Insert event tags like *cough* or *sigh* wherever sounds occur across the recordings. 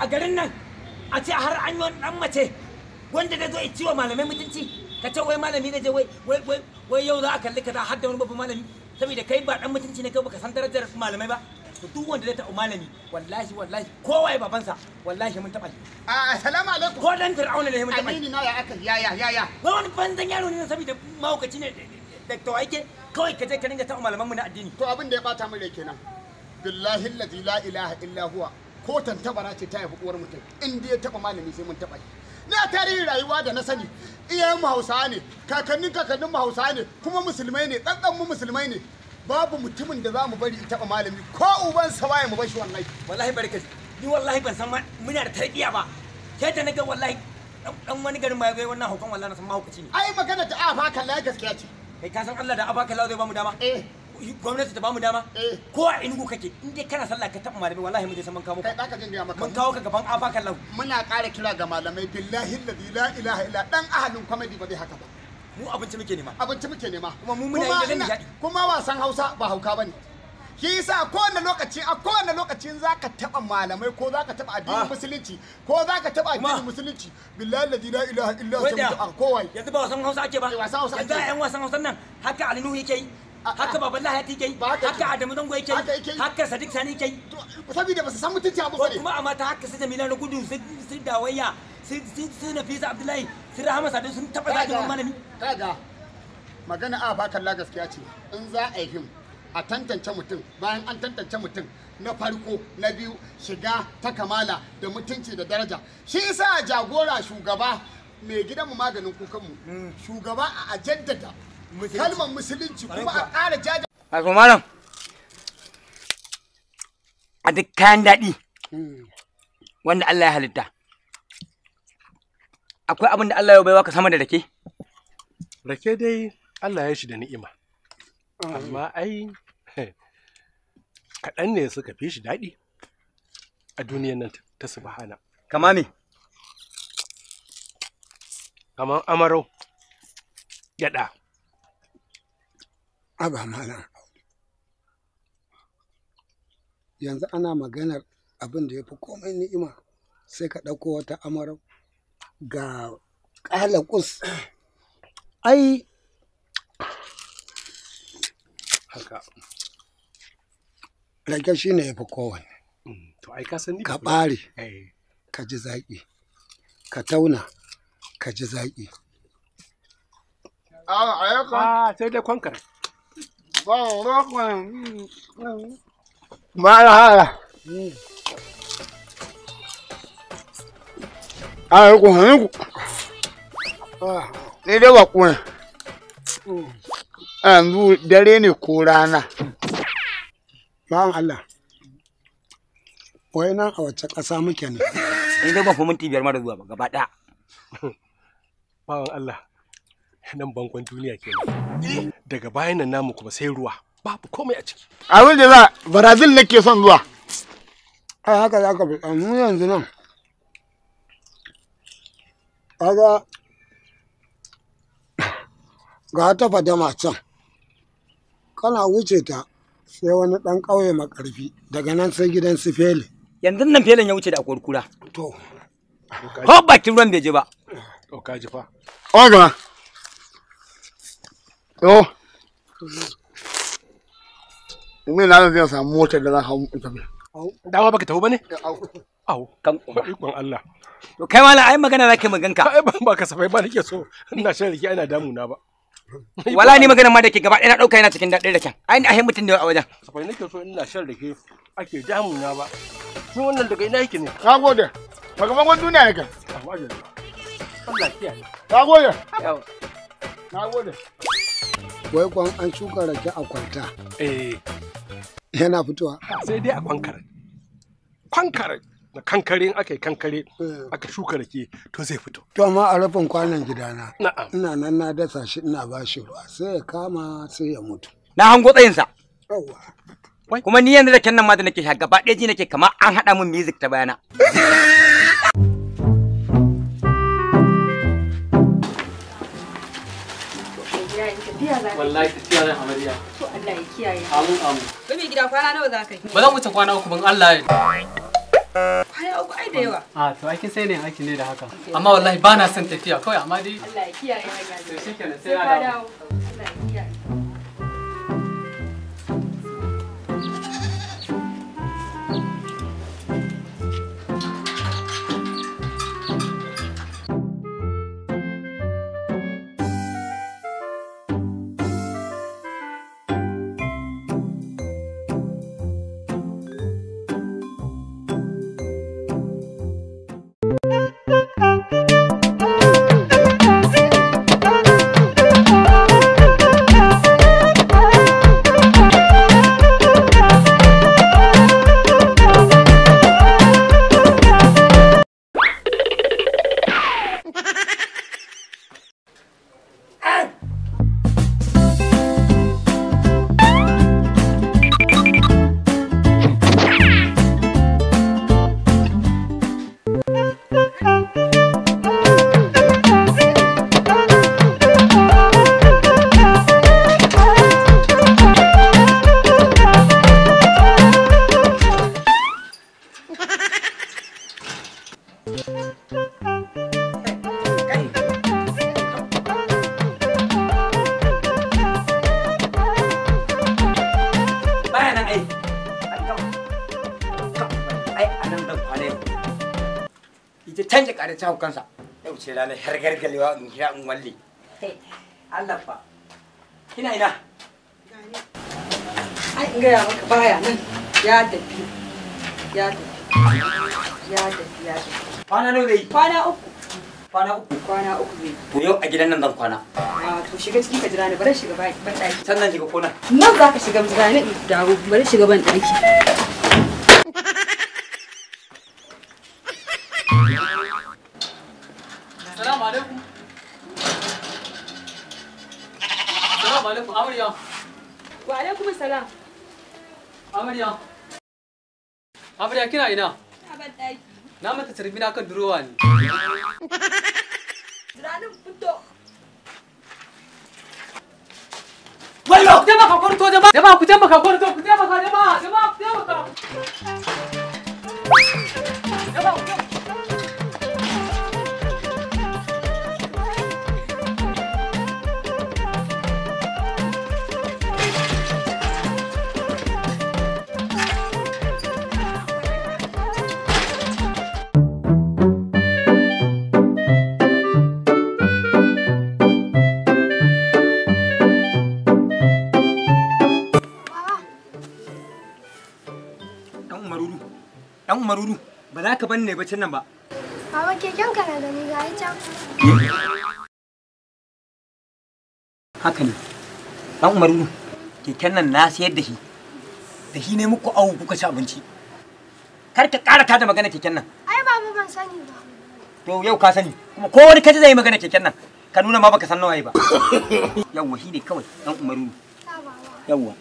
a garin nan a ce har an yi wani mace wanda da zo ciwo malamai mutunci ka ce wai malami da je wai wai wai yau za a kalli ka za har da wani babban malami saboda kai ba dan mutunci ne kai baka san darajar malamai ba to duk wanda zai ta malami wallahi wallahi kowa ya babansa wallahi mun taba shi assalamu alaikum ko dan fir'aun ne mun taɓa amini na ya aka ya ya ya ya wai wani banzan yaro ne saboda mahaukaci ne da tawaike kawai ka je ka ringa ta malaman mu na addini to abin da ya bata mun rai kenan billahi la ilaha illa huwa ko tantabara ce ta haifi uwar mutum in dai ya taba malami sai mun taba shi na tarihi rayuwa da na sani iyayen mu hausawa ne kakannin kakannin mu hausawa ne kuma musulmai ne dan mu musulmai ne babu mutumin da za mu bari taba malami ko uban sa waye mu bar shi wallahi wallahi barka ni wallahi ban san muna da tarbiya ba kai ta naga wallahi dan wani garin mai ya ga wannan hukumar wallahi na san mahaukaci ne ai magana ta afa kallai gaskiya ce kai ka san Allah da afa kallaya zai ba mu dama eh gwamnati ta bamu dama eh. ko a inugu kake in dai kana sallah ka taba malamai wallahi mun je saman kawo kai daka jin ga maka mun kawo ka gaban afakan lahu muna ƙara kira ga malamai billahi alladhi la ilaha illa dan ahalin comedy ba dai haka ba mu abinci muke nema abinci muke nema kuma mu muna yin gani jadi kuma wasan Hausa ba hauka bane shi yasa kowane lokaci a kowane lokacin za ka taɓa malamai ko zaka taba addinin ah. musulunci ko zaka taba addinin musulunci billahi ladi la ilaha illa huwa sabbu kowa yanzu ba wasan hausa ake ba eh, wasan hausa yanzu yan wasan hausa nan haka alinu yake yi haka baban laha yake yi haka adamu zango yake yi haka sadiq sani yake yi saboda ba su san mutunci abu bane kuma amma ta haka sai jamila na gudu su dawaya su nafisa abdullahi su rahama sadiq sun taba mun malami kaga magana a ba kalla gaskiya ce in za a yi a tantance mutum bayan an tantance mutum na farko na biyu shiga ta kamala da mutunci da daraja shi yasa jagora shugaba mai gidanmu maganin kukanmu hmm. shugaba a jaddada kalmar musulunci kuma a ƙara jaja wato malam a duk kayan daɗi hmm. wanda Allah ya halitta akwai abin da Allah ya baiwa ka sama da rake rake dai Allah ya shi da ni'ima amma ai kaɗan ne suka fi shi daɗi a duniyan nan ta subhana kama me kamar amarau gyaɗa aba malam yanzu ana maganar abin da ya fi komai ni'ima sai ka ɗauko wata amara ga ƙala ƙus. ai haka rage shi ne ya fi kowane ka ɓare eh. ka ji zaƙi ka tauna ka ji zaƙi ah, a ah, sai dai kwankar Mara hara. Ana rikon hannunku. Sai dai ba kuwa. Yanzu dare ne ko rana. Bawan Allah. Wai nan a wacce ƙasa muke ne? quer. dai ba fi minti biyar mara zuwa ba gaba ɗaya. lá. nan bankon duniya kenan daga bayan nan namu kuma sai ruwa babu komai a ciki abin da za brazil nake son zuwa a haka za ka bi mu yanzu nan aga ga ta fadama can kana wuce ta sai wani ɗan ƙauye makarfi daga nan sai gidan su fele yanzu nan felen ya wuce da akwai kura to ko bakin ruwan bai je ba to ka ji fa oga yo me na zan samu motar da zan hau in tafi dama baka tafi bane au Au. kan ikon Allah to kai mala ai magana zaka maganka ai ban baka safai ba nake so ina shan riki ina damu na ba wala ni magana ma dake gaba ɗaya na dauka ina cikin dadin da raken ai ni ahe mutum ne a wajen safai nake so ina shan riki ake damu na ba Ni wannan daga ina yake ne ka gode magaban wani duniya yake. Allah kiyaye ka gode Ka gode wai kwan an shuka rake a kwanta eh yana fitowa sai dai a kwankare kwankare na kankare aka yi kankare eh. aka shuka rake to zai fito to amma a rufin kwanan gidana ina nan na dasa shi ina ba shi ruwa sai ya kama sai ya mutu na hango tsayinsa kuma ni yanzu da kyan ma da nake sha gaba ɗaya ji nake kamar an haɗa min music ta bayana *laughs* wallahi ka kiyaye amarya to Allah ya kiyaye amin amin ba mai gida kwana nawa za yi ba zan wuce kwana uku ban Allah ya kwana uku ai da yawa a to aikin sai ne aiki ne da haka amma wallahi ba na son tafiya kawai amma dai Allah ya kiyaye hanya to shikenan sai na dawo Allah ya kiyaye Thank you. can kare ta ta kansa yau ce har gargalewa in kira in walle Allah fa kina ina ai in ya maka baya nan ya tafi ya tafi ya tafi ya tafi kwana nawa dai kwana uku kwana uku kwana uku ne to yau a gidan nan zan kwana a ah, to shiga ciki ka jira ne bari shiga ban daki sannan shiga kona nan zaka ka shiga jira ni dawo bari shiga ban daki Amarya. Wa alaikum salam. Amarya. Amarya kina ina? A ban daki. Na mata cirbi na kan durowa ne. Ziranin fito. Wallo, ku taimaka kwarto jama'a. Jama'a ku taimaka kwarto, ku taimaka jama'a, jama'a Dan Umarudu. Dan Umarudu, ba za ka ban ne bacin nan ba. Baba keken kana na gani ga can. Haka ne. Dan Umarudu, keken nan na sayar da shi. Da shi ne muku awo kuka ci abinci. Kar ka ƙara tada magana keken nan. Ai baba ban sani ba. To yau ka sani, kuma ko wani kaji zai magana keken nan. Ka nuna ma baka san nawaye ba. *laughs* Yawwa shi ne kawai dan Umarudu. Yawwa.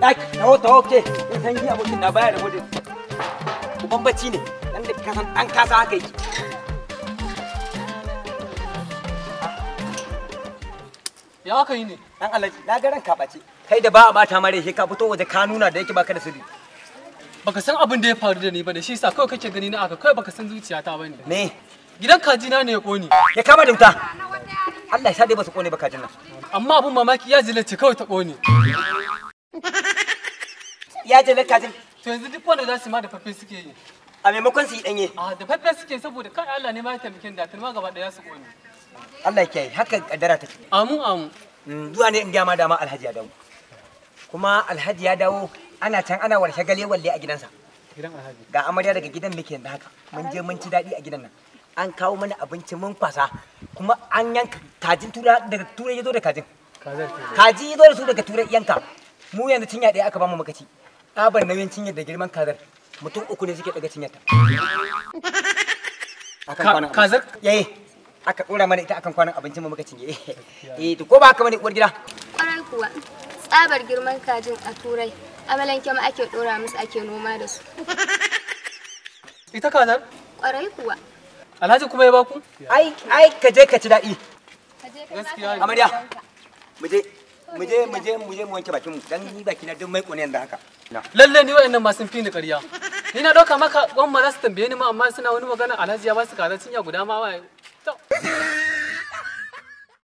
Ɗaki, taho taho ke, in san yi abokin na baya da gudun. Uban bacci ne, ɗan da kasan ɗan kasa haka yi. Ya haka yi ne? Ɗan alaji, na ga ranka ɓace. Kai da ba a ɓata mare sai ka fito waje ka nuna da yake baka da sirri. Baka san abin da ya faru da ni ba da shi yasa kawai kake gani na aka kawai baka san zuciyata ba ne. Me? Gidan kajina ne ya ƙone. Ya kama da wuta. Allah ya sa dai ba su ƙone ba kajin nan. amma abin mamaki ya jilace kawai ta ƙone. *laughs* Ya jila kajin. To yanzu duk wanda za su ma da fafe suke yi. A maimakon su yi ɗanye. A da fafe suke saboda kai Allah ne ma ya taimake da tun ma gaba ɗaya su ƙone. Allah ya kiyaye haka kaddara take. Amu amu. Mm, zuwa ne in gaya ma dama Alhaji ya dawo. Kuma Alhaji ya dawo ana can ana warshe gale walle a gidansa. Gidan Alhaji. Ga amarya daga gidan muke yanzu haka. Mun je mun ci daɗi a gidan nan. an kawo mana abinci mun fasa kuma an yanka kajin tura daga turai ya zo da kajin kaji ya zo da su daga turai yanka mu yanzu cinya ɗaya aka ba mu makaci tsabar nauyin cinya da girman kazar mutum uku ne suke daga cinyar ta kazar yayi aka dora mana ita akan kwanan abincin mu muka cinye *laughs* eh to ko ba haka bane uwar gida kwarai kuwa tsabar girman kajin a turai amalanke ma ake dora musu ake noma da su ita kazar kwarai kuwa Alhaji kuma ya baku? Ai ai ka je ka ci daɗi. ka Amarya. Mu je mu je mu je mu je mu wanke bakin mu dan ni baki na duk mai kone yanzu haka. Lalle ni wayannan ma sun fi ni ƙarya. Ni na ɗauka maka wan ma za su tambaye ni ma amma suna wani magana Alhaji ya ba su karatun ya guda ma wa.